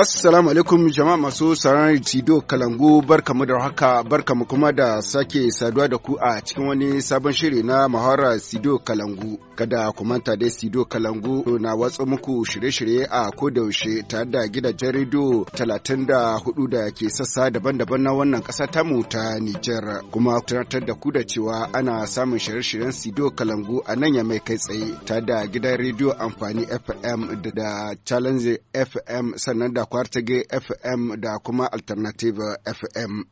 Assalamu alaikum jama'a masu sauraron Tido Kalangu barkamu da haka barkamu kuma da sake saduwa da ku a cikin wani sabon shiri na Mahara Sido Kalangu. Kada ku manta dai Sido Kalangu na watsa muku shirye-shirye a kodayaushe tare da gidajen rediyo 34 da ke sassa daban-daban na wannan ƙasa tamu ta Nijar. Kuma tunatar da ku da cewa ana samun shirye-shiryen Sido Kalangu a nan ya mai kai tsaye tare da gidan rediyo amfani FM da Challenge FM sannan da kwartage fm da kuma alternative fm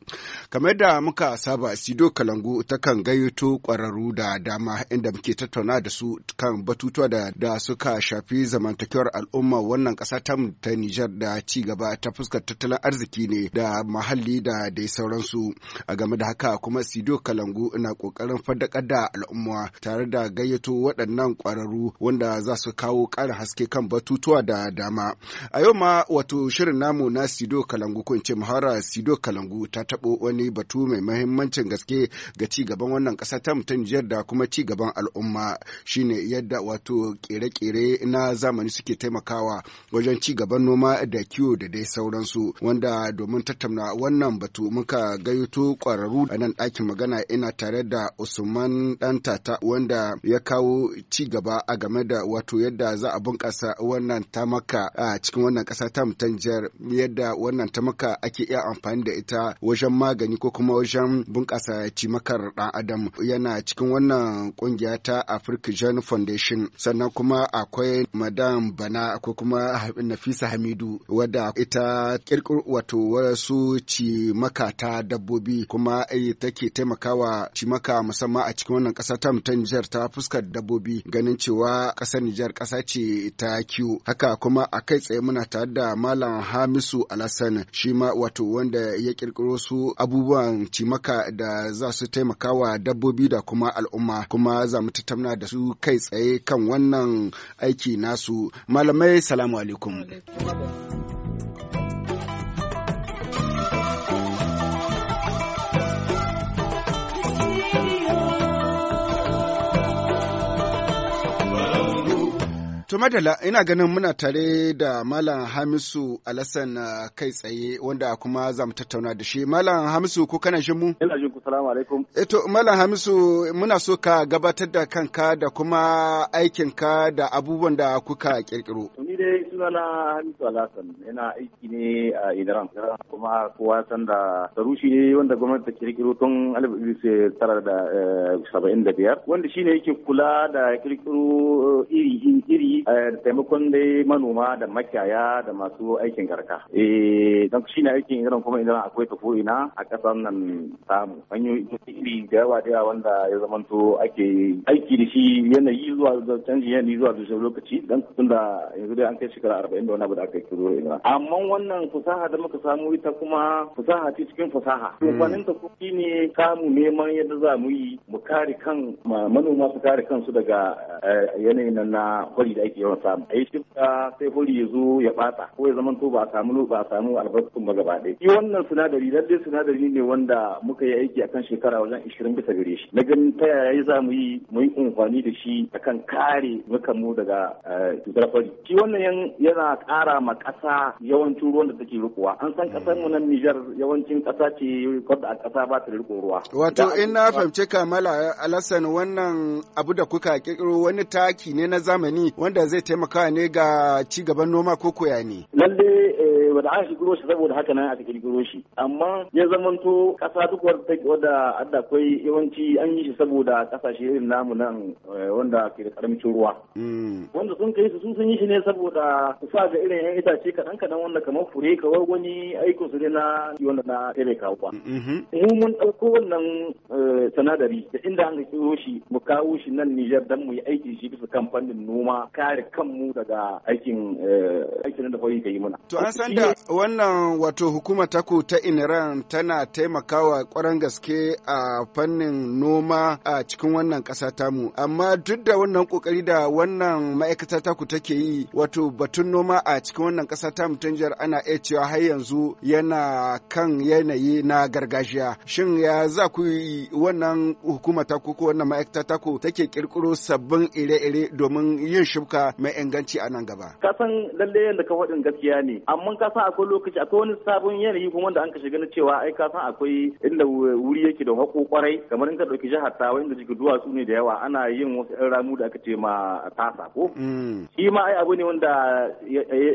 kamar da muka saba sido kalangu takan gayyato kwararru da dama inda muke tattauna da su kan batutuwa da, da suka shafi zamantakewar al'umma wannan ƙasa ta ta nijar da ci gaba ta fuskar tattalin arziki ne da mahalli da dai sauransu a game da haka kuma sido kalangu na ƙoƙarin faddakar da al'umma tare da gayyato waɗannan kwararru wanda za su kawo ƙara haske kan batutuwa da dama a yau ma wato shirin namu na Sido Kalangu ko ce muhara Sido Kalangu ta taɓo wani batu mai mahimmancin gaske ga ci gaban wannan kasa ta mutum da kuma ci gaban al'umma shine yadda wato kere-kere na zamani suke taimakawa wajen ci gaban noma da kiwo da dai sauransu wanda domin tattauna wannan batu muka gayyato kwararru a nan ɗakin magana ina tare da Usman tata wanda ya kawo ci gaba a game da wato yadda za a bunƙasa wannan tamaka a cikin wannan ƙasa ta mutum Nijar yadda wannan tamaka ake iya amfani da ita wajen magani ko kuma wajen bunƙasa cimakar ɗan adam yana cikin wannan ƙungiya ta Africa Journal Foundation sannan kuma akwai Madam Bana ko kuma Nafisa Hamidu wadda ita kirkir wato wasu cimaka ta dabbobi kuma take taimakawa cimaka musamman a cikin wannan ƙasa ta ta Nijar ta fuskar dabbobi ganin cewa ƙasar Nijar ƙasa ce ta kiwo haka kuma a kai tsaye muna tare da Malam Hamisu Alassane shi ma wato wanda ya kirkiro su abubuwan cimaka da za su taimakawa dabbobi da kuma al'umma kuma za mu tattauna da su kai tsaye kan wannan aiki nasu. Malamai salamu alaikum. To madala ina ganin muna tare da Malam Hamisu Alassan uh, kai tsaye wanda kuma za mu tattauna da shi. Malam Hamisu ko kana jin mu? Ina jin ku salamu alaikum. Eh to Malam Hamisu muna so ka gabatar da kanka da kuma aikinka da abubuwan da kuka kirkiro. Ni dai sunana Hamisu Alassan ina aiki ne a Iran kuma kowa san da sarushi ne wanda gwamnati ta kirkiro tun 1975 eh, wanda shine yake kula da kirkiro eh, iri iri Eh, taimakon dai manoma da makiyaya da masu aikin garka. eh don shi ne aikin irin kuma idan akwai tafi ina a kasan nan samu hanyoyi iri da yawa da yawa wanda ya zamanto ake aiki da shi yanayi zuwa canji yanayi zuwa dushen lokaci don tun da yanzu dai an kai shekara arba'in da wani abu da aka kiro ina amma wannan fasaha da muka samu ita kuma fasaha ce cikin fasaha hmm. amfanin ta kuɗi ne samu neman yadda za mu yi mu kare kan manoma su kare kansu daga eh, yanayin na kwari da ake yake yawan samu a yi sai hori ya zo ya bata ko ya zama to ba a samu ba a samu albarkatun ba gaba ɗaya shi wannan sinadari lallai sinadari ne wanda muka yi aiki akan shekara wajen ishirin bisa gare shi na ganin ta yaya za mu yi mu yi amfani da shi a kan kare mu daga eh, cutar fari shi wannan yana ƙara ma ƙasa yawancin ruwan da take rikuwa an san ƙasar mu nan Nijar yawancin ƙasa ce wadda a ƙasa ba ta rikon ruwa wato in na fahimci kamala alasan wannan abu da kuka kirkiro wani taki ne na zamani wanda zai taimaka ne ga ci gaban noma ko koya ne? Lalle ba da an kirkiro shi saboda haka nan aka kirkiro shi amma ya zamanto kasa duk wadda adda akwai yawanci an yi shi saboda kasashe irin namu nan eh, wanda ke da karamcin ruwa mm. wanda sun kai su sun yi shi ne saboda su sa ga irin yan itace kaɗan kaɗan wanda kamar fure kawai wani aikin su ne na wanda na tere kawo mm-hmm. mu mun ɗauko wannan eh, sanadari da inda an kirkiro shi mu kawo shi nan Nijar dan mu yi aiki shi bisa kan fannin noma kare kanmu daga aikin eh, aikin da kawai ka yi muna to an san da wannan wato hukuma taku ta Iniran tana taimakawa kwaran gaske a fannin noma a cikin wannan kasa tamu. Amma duk da wannan ƙoƙari da wannan ma'aikata taku take yi wato batun noma a cikin wannan kasa tamu ta jihar ana iya cewa har yanzu yana kan yanayi na gargajiya. Shin ya za ku yi wannan hukuma taku ko wannan ma'aikata taku take ƙirƙiro sabbin ire-ire domin yin shibka mai inganci a nan gaba? kafin lalle yadda ka faɗin gaskiya ne, amma ka san akwai lokaci akwai wani sabon yanayi kuma wanda an kashe ganin cewa ai ka san akwai inda wuri yake da hako kwarai kamar in ka dauki jihar Tawa inda jiki duwatsu ne da yawa ana yin wasu yan ramu da aka ce ma tasa ko mm. shi ma ai abu ne wanda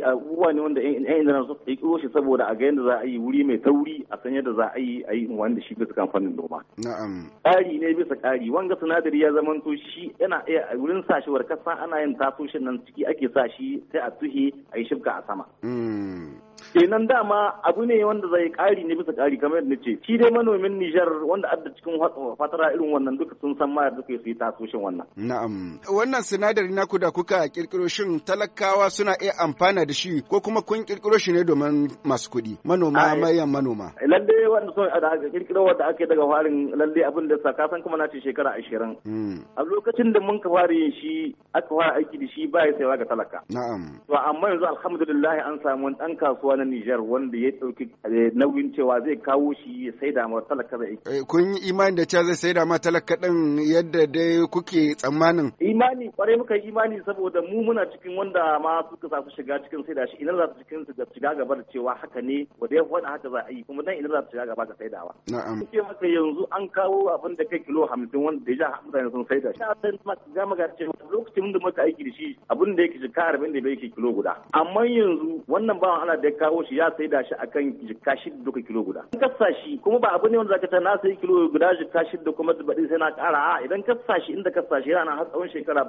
abubuwa ne wanda yan inda suka yi kiro shi saboda a ga yadda za a yi wuri mai tauri a san yadda za a yi a yi wanda shi bisa kamfanin noma na'am kari ne bisa kari wanga sinadari ya zama to shi yana iya a wurin sa kasa ana yin tasoshin nan ciki ake sa shi sai a tuhe a yi shibka a sama mm. kenan dama abu ne wanda zai ƙari ne bisa ƙari kamar yadda ce shi dai manomin Nijar wanda adda cikin fatara irin wannan duka sun san ma yadda su yi tasoshin wannan. Na'am. Wannan sinadari naku da kuka kirkiro shin talakawa suna iya amfana da shi ko kuma kun kirkiro shi ne domin masu kuɗi manoma mayan manoma. Lalle wanda sun da kirkiro wanda ake daga farin lalle abin da sa kasan kuma na ce shekara ashirin. Hmm. A lokacin da mun ka fara yin shi aka fara aiki da shi ba ya saiwa ga talaka. Na'am. To amma yanzu alhamdulillah an samu wani ɗan kasuwa kasuwa na Nijar wanda ya ɗauki eh, nauyin cewa zai kawo shi ya sai d'a ma talaka zai. Eh, kun yi imani da cewa zai d'a ma talaka ɗin yadda dai kuke tsammanin? Imani kwarai muka yi imani saboda mu muna cikin wanda ma suka sa su shiga cikin sai d'a shi idan za su cikin su shiga gaba da cewa haka ne wanda ya faɗa haka za a yi kuma dan idan za su shiga gaba da saidawa. Na'am. Kuke maka yanzu an kawo abin da kai kilo hamsin wanda deja mutane sun da shi. san ma ga maga cewa lokacin da muka aiki da shi abin da yake shi ka da bai ke kilo guda. Amma yanzu wannan bawan ana da kawo shi ya sai da shi akan jikka shi duka kilo guda in ka shi kuma ba abu ne wanda zaka ta na sai kilo guda jikka da kuma baɗi sai na ƙara a idan ka shi inda ka shi yana har tsawon shekara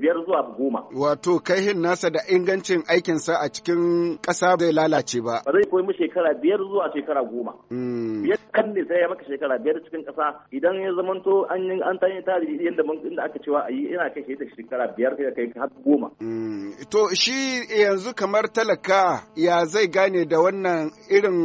biyar zuwa goma wato kaihin nasa da ingancin aikinsa a cikin ƙasa bai lalace ba ba zai koyi shekara biyar zuwa shekara goma hmm. biyar kan ne sai ya maka shekara biyar cikin ƙasa idan ya zamanto an yi an tanyi tarihi yadda inda aka cewa a yi ina kai shi da shekara biyar kai har goma hmm. to shi yanzu kamar talaka ya zai gane da wannan irin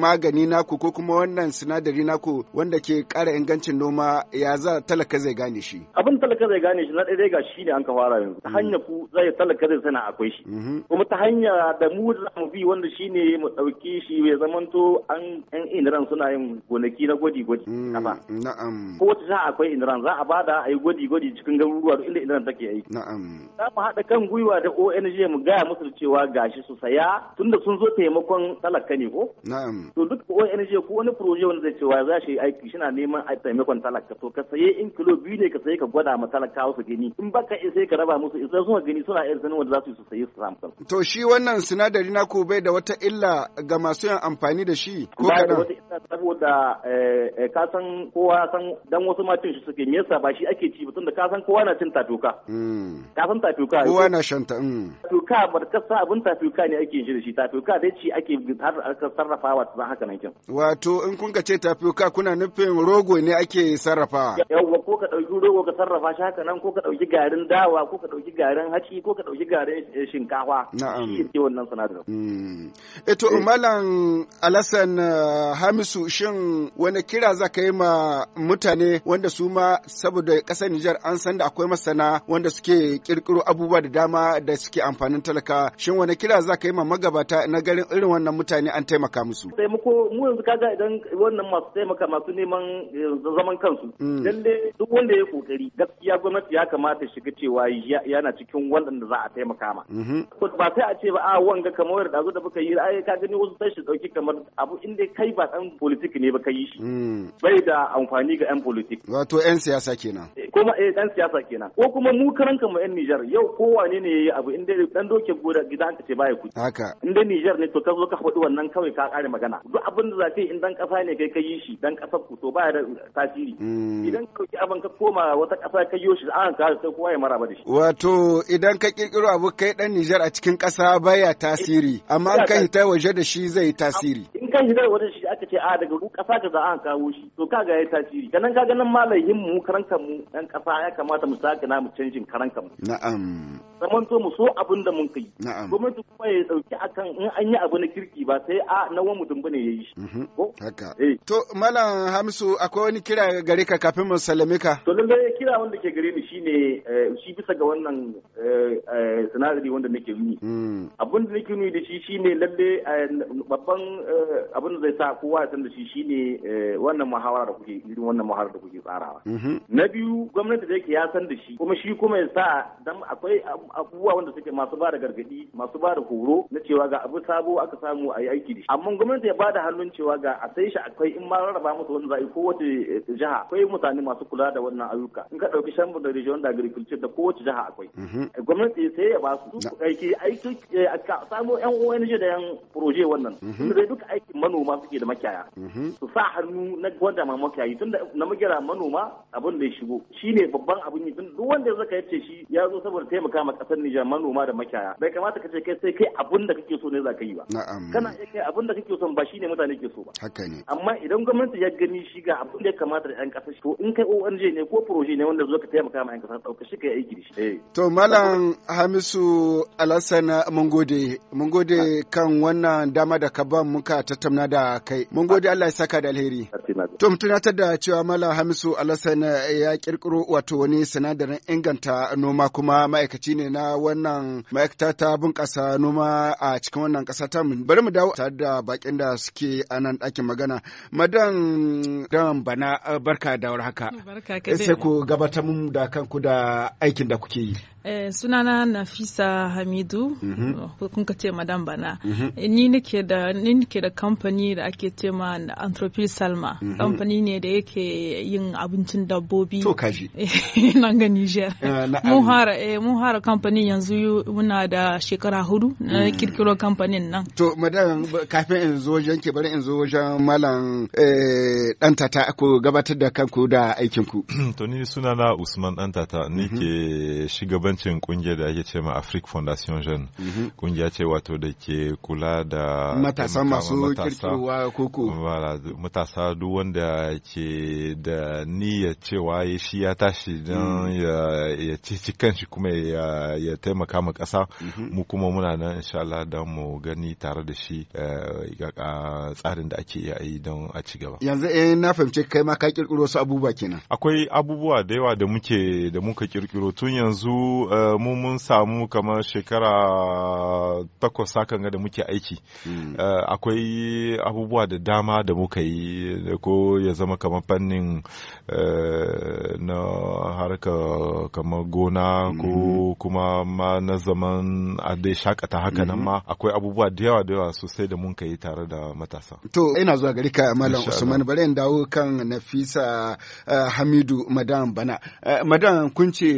magani naku ko kuma wannan sinadari naku wanda ke ƙara ingancin noma ya za talaka zai gane shi? Abin talaka zai gane shi na ɗaya ga shi ne an ka fara yanzu. Ta hanya ku zai talaka zai sana akwai shi. Mm-hmm. Kuma ta hanya da mu za mu bi wanda shi ne mu ɗauki shi ya zamanto an ɗan indiran suna yin gonaki na gwaji-gwaji. Mm, na'am. Ko wata sa akwai indiran za a bada a yi gwaji-gwaji cikin garuruwa inda indiran take aiki. Na'am. Za mu haɗa kan gwiwa da ONG mu gaya musu cewa gashi su saya tunda sun zo zo taimakon talaka ne ko na'am to duk ONG ko wani proje wanda zai cewa za shi aiki shi na neman a taimakon talaka to ka saye in kilo biyu ne ka saye ka gwada ma talaka wasu gani in baka ka sai ka raba musu isa suna gani suna irin sanin wanda za su yi su saye su samu kansu to shi wannan sinadari na ko bai da wata illa ga masu yin amfani da shi ko da wata illa saboda eh, eh, ka san kowa san dan wasu ma cin shi suke me yasa ba shi ake ci mutum da ka san kowa na cin tatuka. Hmm. ka san tatoka kowa na shanta. ta hmm. tatoka ba ka sa abin tatuka ne ake shi da shi tatuka. tapioca dai ce ake har sarrafa wa ta haka nan wato in kun ka ce tafe-ka, kuna nufin rogo ne ake sarrafa yawwa ko ka dauki rogo ka sarrafa shi haka nan ko ka dauki garin dawa ko ka dauki garin haci ko ka dauki garin eh, shinkafa na'am shi wannan sanadarin hmm. eto eh. malam alasan eh, hamisu shin wani kira za ka yi ma mutane wanda su ma saboda kasar Nijar an san da akwai masana wanda suke kirkiro abubuwa da dama da suke amfanin talaka shin wani kira za ka yi ma magabata na garin irin wannan mutane an taimaka musu taimako mu yanzu kaga idan wannan masu taimaka masu neman eh, zaman kansu lalle mm. duk wanda ya kokari gaskiya gwamnati ya kamata shiga cewa yana cikin waɗanda za a taimaka ma mm-hmm. ba sai a ce ba a wanga kamar da da baka yi ai ka gani wasu sai shi dauki kamar abu inda kai ba dan politik ne ba ka yi shi mm. bai da amfani ga yan politik wato yan siyasa kenan eh, kuma eh dan siyasa kenan ko kuma mu karan mu yan Nijar yau kowane ne yayi abu inda dan doke gida aka ce ya kuɗi haka inda Nijar Nijar ne to ka zo ka faɗi wannan kawai ka ƙare magana duk abin da za in dan ƙasa ne kai ka yi shi dan ƙasar ku to baya da tasiri mm. idan ka ɗauki abin ka koma wata ƙasa ka yi shi an ka sai kowa ya maraba da shi wato idan ka kirkiro abu kai dan Nijar a cikin ƙasa baya tasiri eh, amma an ka hita waje da shi zai tasiri kan shi zai wani shi aka ce a daga kasa kaza an kawo shi to kaga yi tasiri kanan kaga nan malayin mu karanta mu ɗan kasa ya kamata mu sake mu canjin karanta mu. na'am zaman to mu so abin da mun kai na'am gwamnati kuma ya dauki akan in an yi abu na kirki ba sai a na wani mutum yayi shi mm-hmm. haka eh. to malam Hamisu akwai wani kira gare ka kafin mu sallame ka to lalle kira wanda ke gare ni shine eh, shi bisa ga wannan eh, sinadari wanda nake yi mm. abin da nake nuni da shi shine lalle babban abin da zai sa kowa ya san da shi shine eh, wannan muhawara da kuke irin wannan muhawara da kuke tsarawa mm-hmm. na biyu gwamnati da yake ya san da shi kuma shi kuma ya sa dan akwai abubuwa wanda suke masu ba da gargadi masu ba da horo na cewa ga abu sabo aka samu a yi aiki da shi amma gwamnati ya ba da hannun cewa ga a sai shi akwai in ma rarraba musu wani za'i ko wace eh, jiha akwai mutane masu kula da wannan ayyuka in ka dauki shambu da region da agriculture da kowace jiha akwai mm-hmm. eh, gwamnati sai ya ba su aiki aiki a samu yan ONG da yan proje wannan mm-hmm. duka aiki manoma suke da makiyaya mhm. su sa hannu na gwada ma makiyayi tunda na magira manoma abin da ya shigo shine babban abin yi tun duk wanda zaka yace shi ya zo saboda taimaka ma kasar Nijar manoma da makiyaya bai kamata ka ce kai sai kai abin da kake so ne zaka yi ba kana iya kai abin da kake so ba shine mutane ke so ba haka ne amma idan gwamnati ya gani shi ga abin da ya kamata da yan kasa to in kai ONG ne ko proje ne wanda zo ka taimaka ma yan kasa dauka shi kai aiki da shi eh. to malam Hamisu Alassana mun gode mun gode kan wannan dama da ka ban muka ta tattauna da kai. Mun gode Allah ya saka da alheri. To mu tunatar da cewa Malam Hamisu Alhassan eh, ya kirkiro wato wani sinadarin inganta noma kuma ma'aikaci ne na wannan ma'aikata ta bunƙasa noma a cikin wannan ƙasa ta mu. Bari mu dawo tare da bakin da suke a nan ɗakin magana. Madan Dan Bana eh, barka da warhaka. Barka eh, Sai ku gabatar mu da kanku da aikin da kuke yi. Eh, sunana Nafisa Hamidu, mm kun ka ce madam bana. Mhm. Eh, ni nake da ni da kamfani da ake ce ma Anthropil Salma. Mhm. Kamfani ne da yake yin abincin dabbobi. To kaji. Nan ga Niger. Uh, mun hara eh mun hara kamfani yanzu muna da shekara hudu na mhm. kirkiro kamfanin nan. To madam kafin in zo wajen ke bari in zo wajen malam eh dan tata ku gabatar da kanku da aikin ku. to ni sunana Usman dan tata ni ke shugaban shugabancin kungiyar da ake ce ma Afrique Foundation Jeune. Mhm. Kungiya ce wato da ke kula da matasa masu kirkirwa koko. Matasa duk wanda ke da niyya cewa shi ya tashi don mm. ya ci kanshi kuma ya taimaka ma ƙasa mhm. mu kuma muna nan insha Allah don mu gani tare da shi eh, a tsarin da ake iya yi don a ci gaba. Yanzu eh na fahimci kai ma ka kirkiro wasu abubuwa kenan. Akwai abubuwa da yawa da muke da muka kirkiro tun yanzu Eh, mu mun samu kamar shekara takwas sakan ga da muke aiki hmm. eh, akwai abubuwa da dama da muka yi ko ya zama kamar fannin eh, na harka kamar gona ko hmm. kuma ma na zaman adai shakata haka nan hmm. ma akwai abubuwa da yawa da yawa sosai da mun yi tare da matasa to ina zuwa gari ka malam usman bari in dawo kan nafisa hamidu madam bana madam kun ce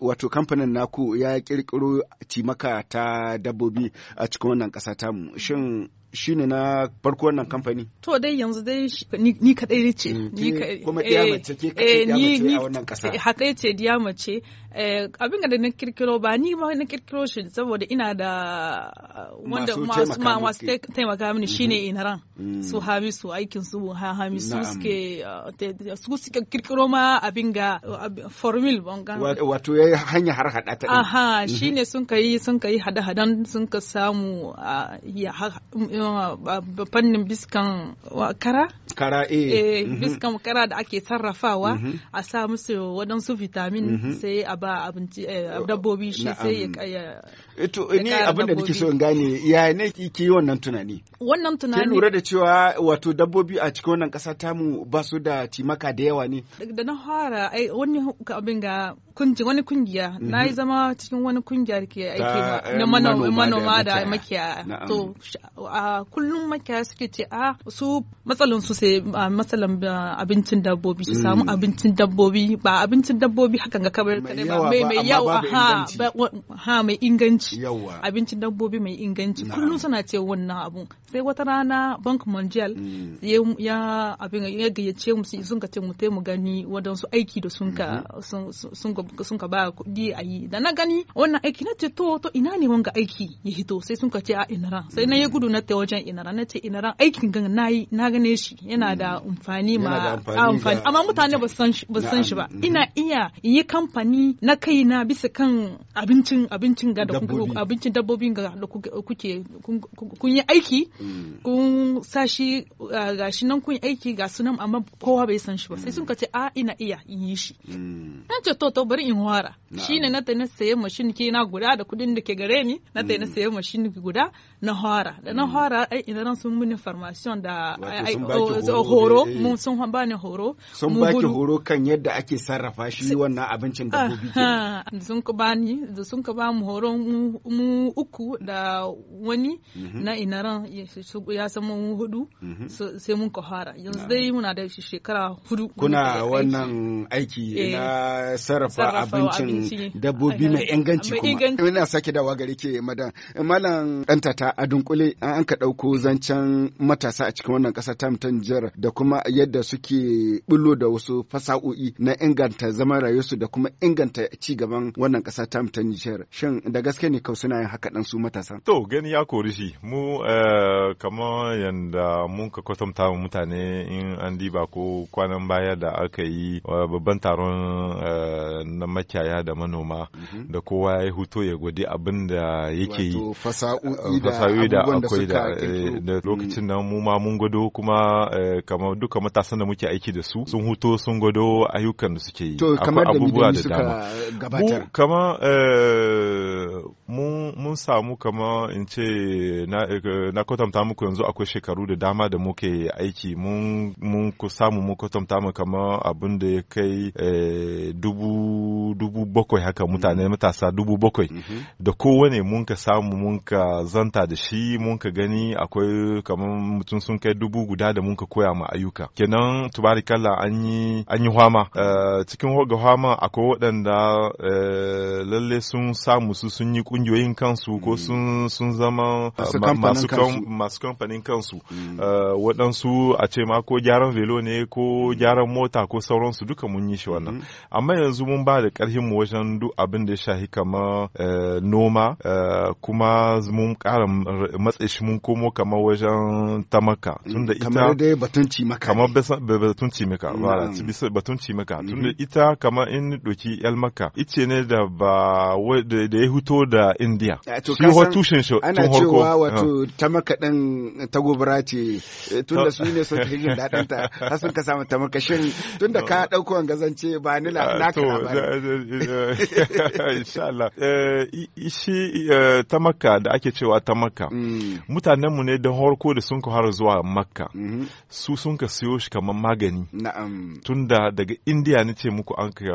wato kamfanin wannan naku ya kirkiro cimaka ta dabbobi a cikin wannan ƙasa tamu shin shi ne na farko wannan kamfani? To dai yanzu dai ni kadai ce. Mm, kuma ɗiya eh, mace ke kadai eh, ɗiya mace a wannan ƙasa. ce ɗiya mace Eh, abin da na kirkiro ba ni ma na kirkiro shi saboda ina da wanda masu taimaka mini mm-hmm. shine inaran mm. su su aikin su Su suke uh, su suke kirkiro ma abin ga formil bangan wato yayi hanya har hada ta aha mm-hmm. shine sun kai sun kai hada hadan sun ka samu uh, ya um, fannin biskan kara kara eh, eh mm-hmm. biskan kara da ake sarrafawa a sa musu wadansu vitamin sai ba abinci eh, oh, dabbobi shi sai ya eh, to ni abin da nake so in gane ya ne ki yi wannan tunani wannan tunani kin lura da cewa wato dabbobi a cikin wannan kasa tamu ba su da timaka da yawa ne da na fara ai wani abin ga kunji wani kungiya mhm. na yi zama cikin wani kungiya da ke aiki eh, na manoma da makiyaya to a kullum makiyaya suke ce a su matsalin su sai matsalan abincin dabbobi su samu mm. abincin dabbobi ba abincin dabbobi hakan ga kabar kadai yawa ba mai yawa ha ha mai inganci abincin dabbobi mai inganci kullum suna ce wannan abun sai wata rana bank mondial mm. ya abin ya gayyace mu sun ka ce mu mu gani wadansu aiki da mm-hmm. sun ka sun ka ba kuɗi a yi da na gani wannan aiki na ce to to ina ne wanga aiki ya hito sai sun ka ce a inaran sai na ya mm. gudu na ta wajen inaran na ce inaran aikin gan na yi na gane shi yana mm. da amfani ma amfani amma mutane ba san shi ba ina mm-hmm. iya yi kamfani na kai na bisa kan abincin abincin ga da abincin ga da kuke kun yi aiki Mm. kun sashi uh, shi nan kun aiki ga sunan amma kowa bai san shi ba sai sun mm. ka ce a ah, ina iya in yi shi mm. nan ce to to bari in wara ne na tana saye mashin ke na guda da kudin da ke gare ni na tana saye mashin guda na hora da na hora ai ina ran sun muni formation da horo eh, eh. mun sun ni horo sun baki horo kan yadda ake sarrafa shi wannan abincin da gobe sun ka bani da sun ka ba mu horo mu uku da wani mm-hmm. na ina ran ya san mun hudu mhm. sai mun ka fara yanzu dai muna da shekara hudu kuna wannan aiki na eh, sarrafa abincin dabbobi mai inganci kuma ina sake dawa gare ke madan malam danta a dunkule an ka dauko zancen matasa a cikin wannan kasa ta mutan jar da kuma yadda suke bullo da wasu fasa'o'i na inganta zaman rayuwarsu da kuma inganta ci gaban wannan kasa ta mutan jar shin da gaske ne kau suna yin haka dan su matasa to gani ya kori shi mu eh, kamar yadda mun ka kwatanta wa mutane in an diba ko kwanan baya da aka yi babban taron eh, na makiyaya da manoma mhm. da kowa ya huto ya gwadi abin da yake yi fasa'o'i da eh, akwai eh, da lokacin mhm. nan mu ma mun gwado kuma kamar duka matasan da muke aiki da su sun huto sun gwado ayyukan da suke yi akwai abubuwa da dama kamar mun samu kamar in ce na kwatanta kwatanta muku yanzu akwai shekaru da dama da muke aiki mun ku samu mun kwatanta mu kamar abin da ya kai eh, dubu dubu bakwai haka mhm. mutane matasa dubu bakwai mhm. da kowane mun ka samu mun ka zanta da shi mun ka gani akwai kamar mutum sun kai dubu guda da mun ka koya ma ayyuka kenan tubarikalla an yi an yi hwama eh, cikin ga hwama akwai waɗanda eh, lalle sun samu su sun yi ƙungiyoyin kansu ko mm. sun zama masu masu kamfanin kansu mm. uh, waɗansu a ce ma ko gyaran velo ne ko gyaran mota ko sauransu duka mun yi shi wannan mm-hmm. amma yanzu mun ba da ƙarfin mu wajen duk abin da ya shahi kamar uh, noma uh, kuma mun ƙara matse shi mun komo kamar wajen tamaka mm, tunda ita kamar dai batun cimaka kamar batun cimaka ba batun cimaka mm-hmm. tunda ita kamar in doki maka ice ne da ba da ya huto da indiya eh, shi wa tushen shi ana cewa wato maka ɗin ta gobara ce eh, tun da su ne sun ta jin daɗin ta har sun ka samu ta tun da ka ɗauko an gazance ba ni la ah, na ka insha Allah eh, shi eh, ta makka da ake cewa ta makka mm. mutanen mu ne da horko da sun ka har zuwa makka mm-hmm. su sun ka siyo shi kamar magani na'am tun da daga indiya ne ce muku an ka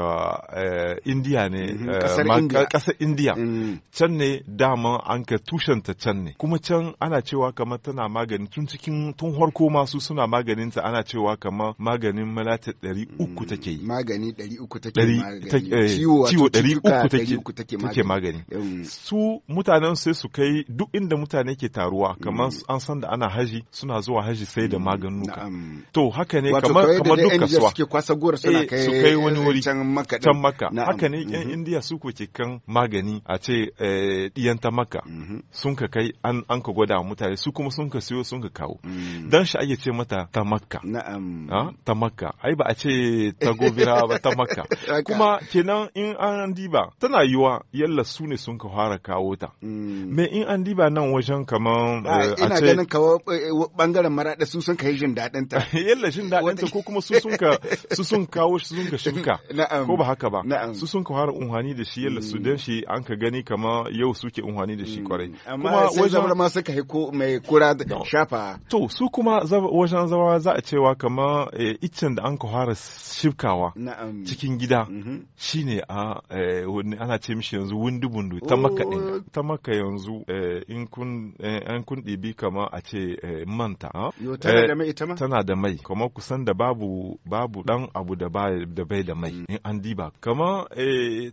indiya ne kasar mm-hmm. indiya mm. can ne dama an ka tushenta can ne kuma can ana cewa ka kamar tana magani tun cikin tun harko masu suna maganin ta ana cewa kamar maganin malata ɗari uku mm, take yi. Magani ɗari uku take magani. Eh, ciwo ɗari uku take magani. Su mutanen sai su kai duk inda mutane ke taruwa kamar mm. an san da ana haji suna zuwa haji sai da mm, maganuka. To haka ne kamar kamar duk kasuwa. Wato kwasa gora suna eh, kai su kai wani wuri can maka. Can maka. Haka ne yan mm-hmm. indiya su ko ke kan magani a ce eh, ɗiyan ta maka. Mm-hmm. Sun ka kai an ka gwada mutane su kuma sun ka siyo sun ka kawo mm. dan shi ake ce mata ta makka na'am ta makka ai ba a ce ta gobira ba ta makka kuma kenan in an diba tana yiwa yalla su ne sun ka fara kawo ta mm. me in an diba nan wajen kaman ah, eh, ina ganin kawo bangaren eh, maraɗa su sun yi jin daɗin ta yalla jin daɗin ta ko kuma su sun ka su sun kawo su sun ka shinka ko ba haka ba su sun ka fara unhani da shi yalla su mm. dan shi an ka gani kaman yau suke unhani da shi kwarai amma sai zama ma suka haiko mai mai kura shafa to su kuma wajen zawa za a cewa kama eh, iccen da an ka fara shifkawa cikin gida mhm. shine a eh, ana ce mishi yanzu wundu-bundu ta maka ɗin oh. ta maka yanzu eh, in kun ɗibi kama a ce manta ah. tana da mai kamar kusan da babu babu dan abu da bai da mai mm. in an diba kama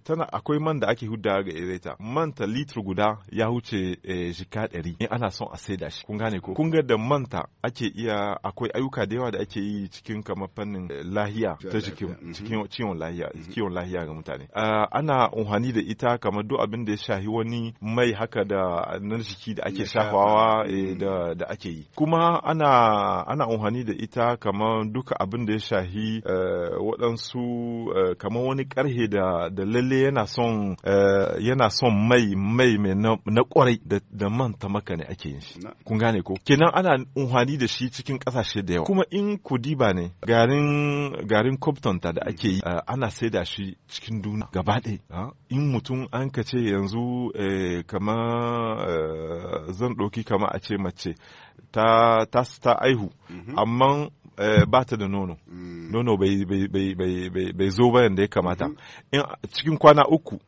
tana akwai man da ake hudawa ga ireta manta litir guda ya wuce jika ɗari in ana son a saida shi kun gane ko kun ga da manta ake iya akwai ayyuka da yawa da ake yi cikin kamar fannin eh, lahiya ta jikin cikin mm-hmm. ciwon lahiya kiwon mm-hmm. lahiya ga mutane ah, ana unhani da ita kamar duk abin da ya shahi wani mai haka da na jiki da ake shafawa eh, mm-hmm. da ake yi kuma ana ana unhani da ita kamar duka abin da ya shahi eh, waɗansu kamar wani karhe da da lalle yana son yana son mai mai mai na kwarai da manta maka ne ake yin shi kun gane ko kenan ana unhwani da shi cikin kasashe da yawa kuma in ku diba ne garin garin ta da ake yi eh, ana saida shi cikin duniya gaba ah, in mutum an ka ce yanzu eh, kama eh, zan ɗauki kama a ce mace ta ta ta aihu mhm. amma ba ta da nono mm. nono bai zo ba yanda ya kamata mhm. in cikin kwana uku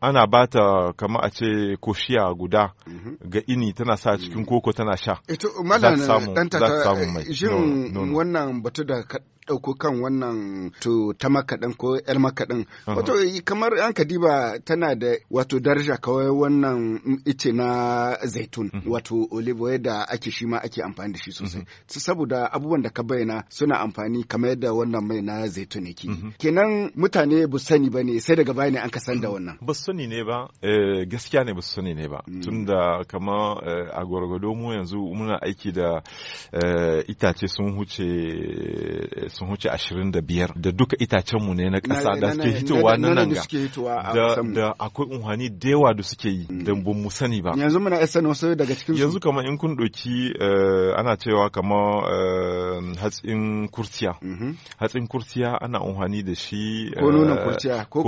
ana ba ta kama a ce koshiya guda mhm. ga ini tana sa cikin mm. koko tana sha. Ito malam ɗanta ta eh, shin wannan batu da ɗauko kan wannan to ta makaɗin ko ‘yar makaɗin. Wato eh, kamar an ka diba tana da wato daraja kawai wannan ice na zaitun mhm. wato olive oil da ake shi ma ake amfani da shi sosai. Mhm. Saboda abubuwan da ka bayyana suna amfani kamar yadda wannan mai na zaitun yake. Mhm. Kenan mutane bu sani ba ne sai daga baya ne an ka san da wannan. Ba sani ne ba eh, gaskiya ne ba sani ne ba. Mm. Tunda kama eh, a gwargwado mu yanzu muna aiki da itace sun huce sun huce ashirin da biyar da duka itacenmu ne na ƙasa da suke hitowa na nan ga da akwai unhani da yawa da suke yi da mm. ba mu sani ba yanzu muna isa wasu daga cikin yanzu kamar in kun doki eh, ana cewa kamar eh, hatsin kurciya mm-hmm. hatsin kurciya ana unhani da shi ko nonon eh, kurciya ko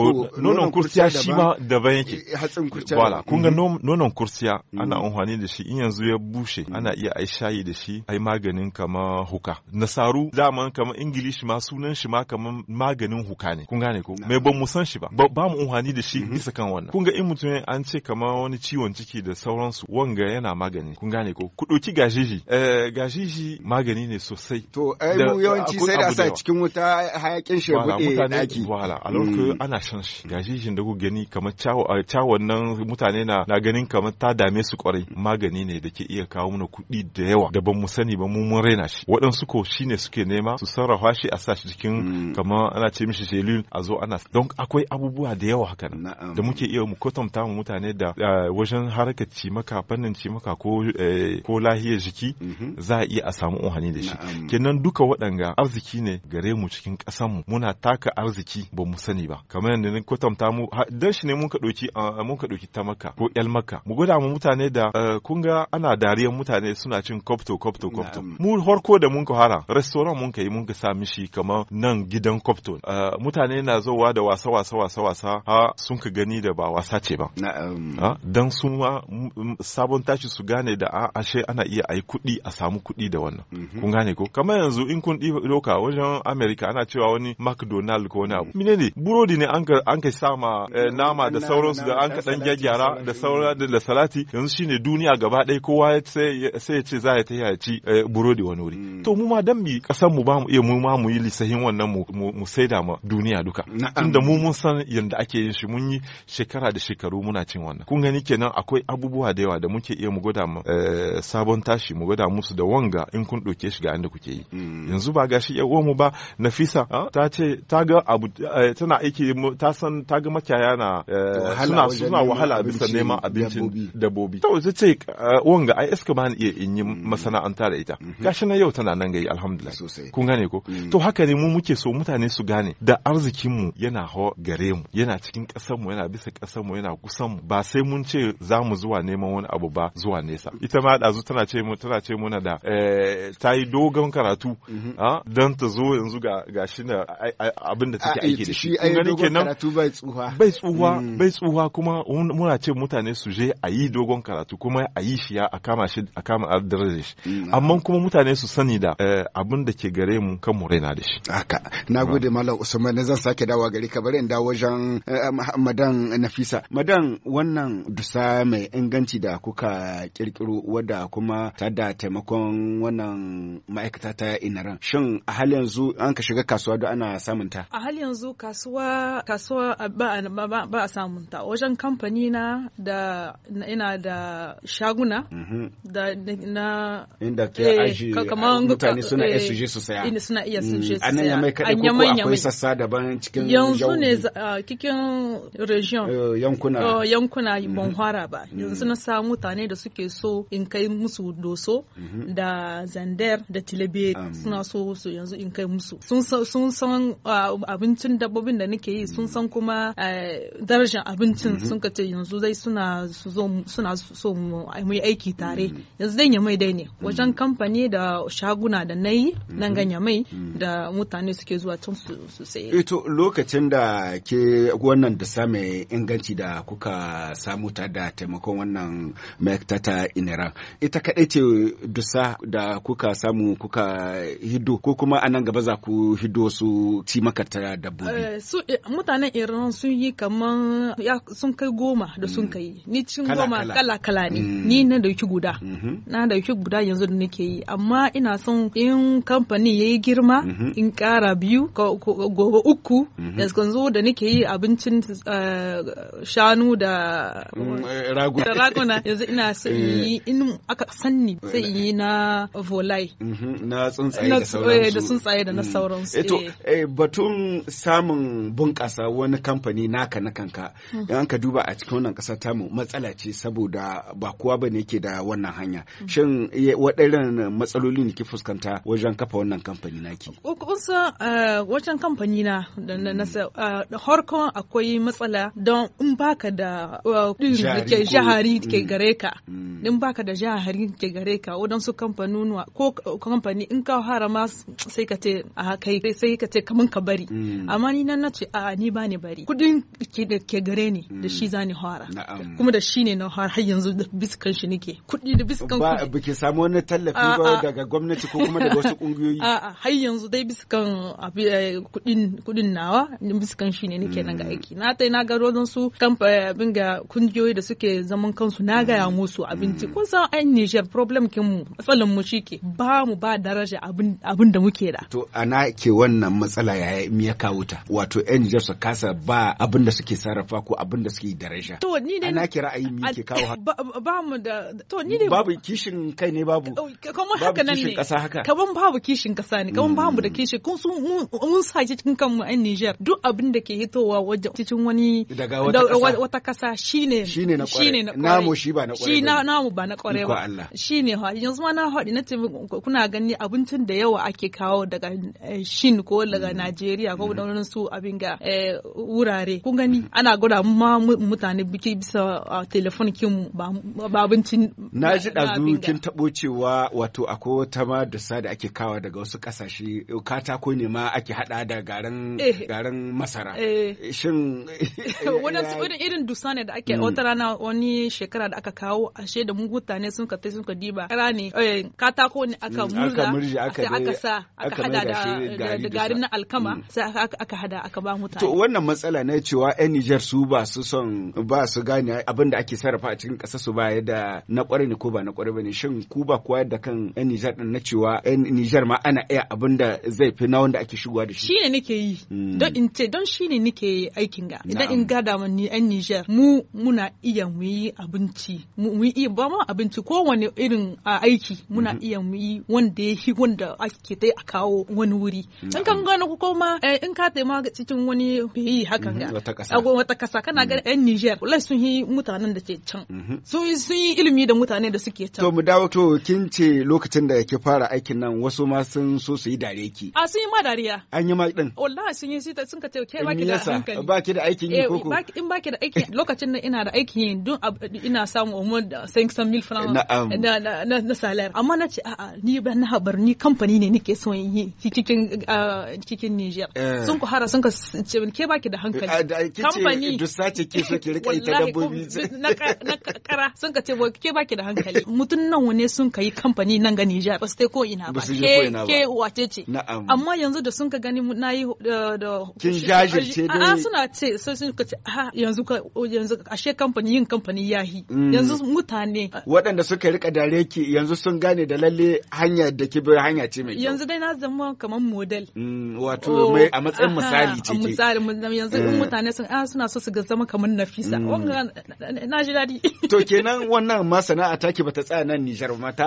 nonon kurciya shi ma daban yake hatsin kurciya wala kun ga mm-hmm. nonon kurciya mm-hmm. ana unhani da shi in yanzu ya bushe ana iya ai shayi da shi ai maganin kama huka nasaru zaman kama ingi English ma sunan shi ma kamar maganin huka ne kun gane ko me ba mu san shi ba ba mu unhani da shi mhm. bisa kan wannan kun ga in mutum an ce kamar wani ciwon ciki da sauransu wanga yana magani kun gane ko ku ɗauki gashishi eh, gashishi magani ne sosai to ai mu yawanci sai da sa cikin wuta hayakin shi bude daki wala a lokacin mm. ana shan shi gashishin da ku gani kamar cawon nan mutane na na ganin kamar ta dame su kwarai magani ne da ke iya kawo mana kuɗi da yawa da ban mu sani ba mu mun raina shi waɗansu ko shine suke nema su sarrafa sarrafa a sashi cikin hmm. kamar ana ce mishi shelil a zo ana don akwai abubuwa da yawa haka da muke iya mu kwatanta mu mutane da wajen haraka cimaka fannin cimaka ko eh, ko lahiyar jiki mhm. za a iya a samu unhani da shi kenan duka waɗanga arziki ne gare mu cikin ƙasar mu muna taka arziki ba mu sani ba kamar yadda na kwatanta mu dan shi ne mun ka doki mun ka doki ta maka ko yal maka mu gwada mu mutane da kun ga ana dariyar mutane suna cin kofto kofto kofto mu horko da mun ka fara restaurant mun ka yi mun ka sami mishi kamar nan gidan Copton. Ah, mutane na zowa da wasa wasa wasa wasa ha sun ka gani da ba wasa ce ba. Um, dan sun sabon tashi su gane da a ashe ana iya ai kuɗi a samu kuɗi da wannan. Mhm. Kun gane ko? Kamar yanzu in kun ɗauka wajen Amerika ana cewa wani McDonald ko wani abu. Mine mhm. ne burodi ne an ka sama eh, nama da sauransu da an ka dan gyagyara da sauran da salati yanzu shine duniya gaba ɗaya kowa sai ya ce za ya ta ci eh, burodi wani wuri. Mm. To mu ma dan mi mu ba mu iya mu mu ma mu yi lisahin wannan mu da ma duniya duka tunda mu mun san yadda ake yin shi mun yi shekara da shekaru muna cin wannan kun gani kenan akwai abubuwa da yawa da muke iya mu gwada eh, sabon tashi mu gwada musu da wanga in kun ɗauke shi ga inda kuke yi mm. yanzu ba gashi ya mu ba nafisa ah, ta ce ta ga abu eh, tana aiki ta san ta ga makiyaya na eh, suna suna wahala bisa neman abincin dabbobi to ta ce wanga ai iska ba iya in yi mm. masana'anta da ita mm-hmm. gashi na yau tana nan gai alhamdulillah kun gane ko Mm. to haka ne mu muke so mutane su gane da arzikin mu yana hawa gare mu yana cikin ƙasar yana bisa kasar mu yana kusan ba sai mun ce za mu zuwa neman wani abu ba zuwa nesa ita ma ɗazu tana ce mu tana ce muna da eh, ta yi dogon karatu mm-hmm. ah, don ta zo yanzu ga gashi na abin da take aiki da shi dogon kenan bai tsuha bai tsuha mm. bai tsuha kuma muna ce mutane su je a yi dogon karatu kuma a yi shi a kama shi a kama shi mm. amma kuma mutane su sani da eh, abin da ke gare mu kan mu raina da shi haka na gode malam usman zan sake dawa gari ka bari in dawo wajen eh, madan nafisa madan wannan dusa mai inganci da kuka kirkiro wadda kuma ta da taimakon wannan ma'aikata ta inaran shin a hal yanzu an ka shiga kasuwa da ana samun ta a hal yanzu kasuwa kasuwa ba ba, ba samun ta wajen kamfani na da ina da shaguna mm-hmm. da na inda ke eh, aji mutane suna iya eh, su je su saya suna iya sun shi a nan ya mai ko akwai sassa daban cikin yanzu ne cikin region eh, yankuna oh, yankuna mm-hmm. Bonhwara ba mm-hmm. yanzu na sa mutane da suke so in kai musu doso mm-hmm. da zander da tilebe um. suna so su yanzu in kai musu sun san abincin dabbobin da nake yi sun mm. san kuma darajar abincin sun ka ce yanzu zai suna suna so mu yi aiki tare mm. yanzu dai ya mai dai ne mm. wajen kamfani da shaguna da na yi nan ganya mai da mutane suke zuwa can su saye. Ito eh lokacin da ke wannan da same inganci da kuka samu ta da taimakon wannan ta inira ita kaɗai ce dusa da kuka samu kuka hido ko kuma a nan gaba za ku hido su ci makarta dabbobi. Eh, su eh, mutanen Iran sun yi kaman sun kai goma da sun mm. kai ni cin goma kala kala ne mm. ni na dauki guda mm-hmm. na dauki guda yanzu da nake yi amma ina son in kamfani yi girma ma mhm. in kara biyu gobe uku mhm. da zo da nake yi abincin eh, shanu mm, eh, da raguna yanzu ina sai eh. yi in aka sanni sai yi na volai mhm, na tsuntsaye da tsuntsaye da na mm. sauransu eto batun samun bunƙasa wani kamfani naka na kanka mm. in ka duba a cikin wannan kasar tamu matsala ce saboda ba kowa bane ke da wannan hanya shin waɗannan ne ke fuskanta wajen kafa wannan kamfani na aiki kusa eh, wajen kamfani na eh, da harkon akwai matsala don in baka eh, mm. mm. da jahari ke gare ka in baka da jahari ke gare ka wadansu kamfanunuwa ko kamfani in ka hara ma sai ka ce a kai sai ka ce kamun ka bari mm. amma ni nan ce a ni ba ni bari kudin ke gare ni da shi za ni fara kuma da shi ne na fara har yanzu da biskan shi nake kudi da biskan kudi ba ki samu wani tallafi ba daga gwamnati ko kuma daga wasu kungiyoyi a'a yanzu dai biskan eh, kudin nawa biskan shi ne nake nan ga mm. aiki na tai na gado don su kamfanin eh, ga kungiyoyi da suke zaman kansu na gaya mm. musu abinci mm. kun san an Niger problem kin mu matsalan mu shike ba mu ba daraja abin da muke da to ana ke wannan matsala ya me ya kawo ta wato yan Niger su kasa ba abin da suke sarrafa ko abin da suke daraja to ni ne ana kira ayi me ke kawo ba mu da to ni ne babu kishin kai ne babu kamar haka nan ne kaman babu kishin kasa ne kamar mun ba mu da mm. kishi kun sun mun sa cikin kanmu a Niger duk abin da ke hitowa waje cikin wani daga wata kasa shine shine na kware namu shi ba na kware shi na namu ba na kware ba shine ha yanzu ma na haɗi na ce kuna gani abincin da yawa ake kawo daga eh, shin ko daga mm. Najeriya ko mm. da wurin su abin ga eh, wurare kun gani ana gwada ma mutane biki bisa telefon kin ba abincin na ji ɗazu kin tabo cewa wato akwai wata ma da sa da ake kawo daga wasu kasashe shi katako ne ma ake hada da garin eh. garin masara eh. shin wadansu irin irin dusa ne da ake mm. wata rana wani shekara da aka kawo ashe da mu mutane sun ka tai sun ka diba kara ne eh, katako ne aka mm, murza aka aka sa aka hada da garin na alkama mm. sai aka hada aka ba mutane to wannan matsala ne cewa yan Niger su ba su son ba su gane abin da ake sarrafa a cikin ƙasa su ba yadda na kwarai ne ko ba na kwarai bane shin ku ba kuwa da kan yan Niger din na cewa yan Niger ma ana iya abin wanda zai fi na wanda ake shigowa da shi shine nake yi hmm. don in ce don shine nake yi aikin ga idan in gada man ni an Niger mu muna iya mu yi abinci mu yi ba mu abinci wani irin aiki muna mm-hmm. iya mu yi wanda ya yi wanda ake dai a kawo wani wuri in kan gano ko ma eh, in ka taima cikin wani yi hakan ga mm-hmm. wata kasa kana ga mm-hmm. yan Niger wallahi sun yi mutanen da ke can sun yi ilimi da mutane da suke can to mu dawo to kin ce lokacin da ke fara aikin nan wasu ma sun so su yi dare ki a sun yi ma dariya an yi ma ɗin. wallahi sun yi sita sun ka ce ke baki da hankali baki da aikin yi eh, koko in baki da aikin lokacin nan ina da aikin yi dun ina samu umar da 500 mil francs na na salari amma na ce a'a ni ban na habar ni kamfani ne nake son yi cikin ah, cikin Niger eh. sun ku hara sun ka ce ke baki da hankali eh, kamfani duk ce ke so ki rika ita dabbobi na kara sun ka ce ke baki da hankali mutun nan ne sun yi kamfani nan ga Niger ba su ko ina ba ke wace ce na'am amma yanzu da sun ka gani na yi uh, da kin jajirce dai a suna ce sai sun ka ce a yanzu ka yanzu ashe kamfani yin kamfani yi, mm. yanzu mutane waɗanda suka rika da reki yanzu sun gane da lalle hanya da ke bi hanya ce mai yanzu dai na zama kamar model mm, wato oh, mai a matsayin misali ce ke misali yanzu eh. mutane sun a ah, suna so su ga zama kamar Nafisa mm. wannan na ji daɗi to kenan wannan masana'a taki bata tsaya nan Nijar ba ta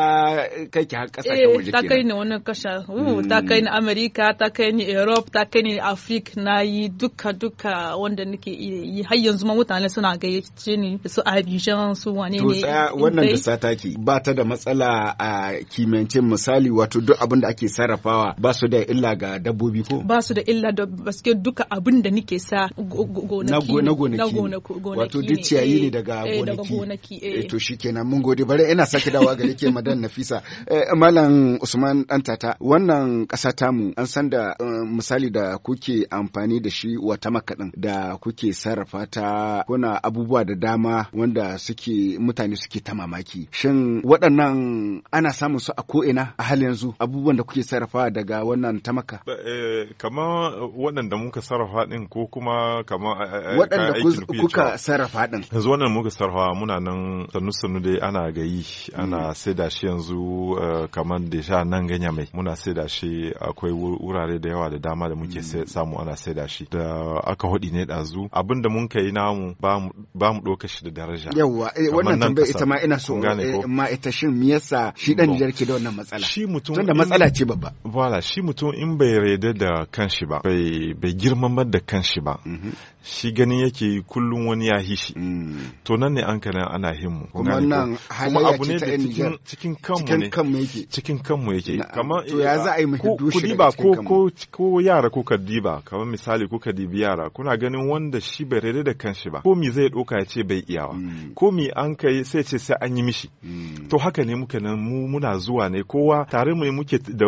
kai ki har ta eh, waje kenan ta kai ne wannan kasha ta mm. kai ni Amerika ta kai ni Europe ta kai ni Africa na yi duka duka wanda nake yi har yanzu ma mutane suna gayyace ni su Abidjan su wane ne to wannan da sata ki ba ta da matsala a kimance misali wato duk abin da ake sarrafawa ba su da illa ga dabbobi ko ba su da illa da baske duka abin da nake sa gonaki na gonaki wato duk ciyayi ne daga eh, eh, gonaki eh. to shikenan mun gode bare ina saki dawa ga ke madan Nafisa malam Usman dan tata wannan ƙasa tamu an san da eh, misali da kuke amfani da shi wata makaɗin da kuke sarrafa ta kuna abubuwa da dama wanda suke mutane suke ta mamaki shin waɗannan ana samun su a ko'ina a hal yanzu abubuwan da kuke sarrafa daga wannan tamaka eh, kamar eh, waɗanda muka sarrafa ɗin ko kuma waɗanda kuka sarrafa ɗin yanzu wannan muka sarrafa muna nan sannu-sannu dai ana gayi ana mm. saida shi yanzu kamar da sha nan ganya mai muna saida shi akwai wurare da yawa da dama da muke hmm. samu ana saida shi da aka hudi ne zu. abin da mun kai namu ba mu ɗauka shi da daraja yawa eh, wannan tambayar ita ma ina so eh, ma ita shin me yasa shi dan Nijar da wannan matsala shi mutum tunda matsala ce babba wala shi mutum in bai rede da kanshi ba bai bai girmamar da kanshi ba mm-hmm. shi ganin yake kullum wani ya hishi mm. to nan ne an kana ana himmu kuma nan halayya ce ta cikin kanmu ne cikin kanmu yake kamar to ya eh, za a yi ku diba ko ko ko yara kuka diba kamar misali kuka dibi yara kuna ganin wanda shi bai rere da kanshi ba ko mi zai doka ya ce bai iyawa mm. ko mi an kai sai ce sai an yi mishi mm. to haka ne muke nan mu muna zuwa ne kowa tare mu muke da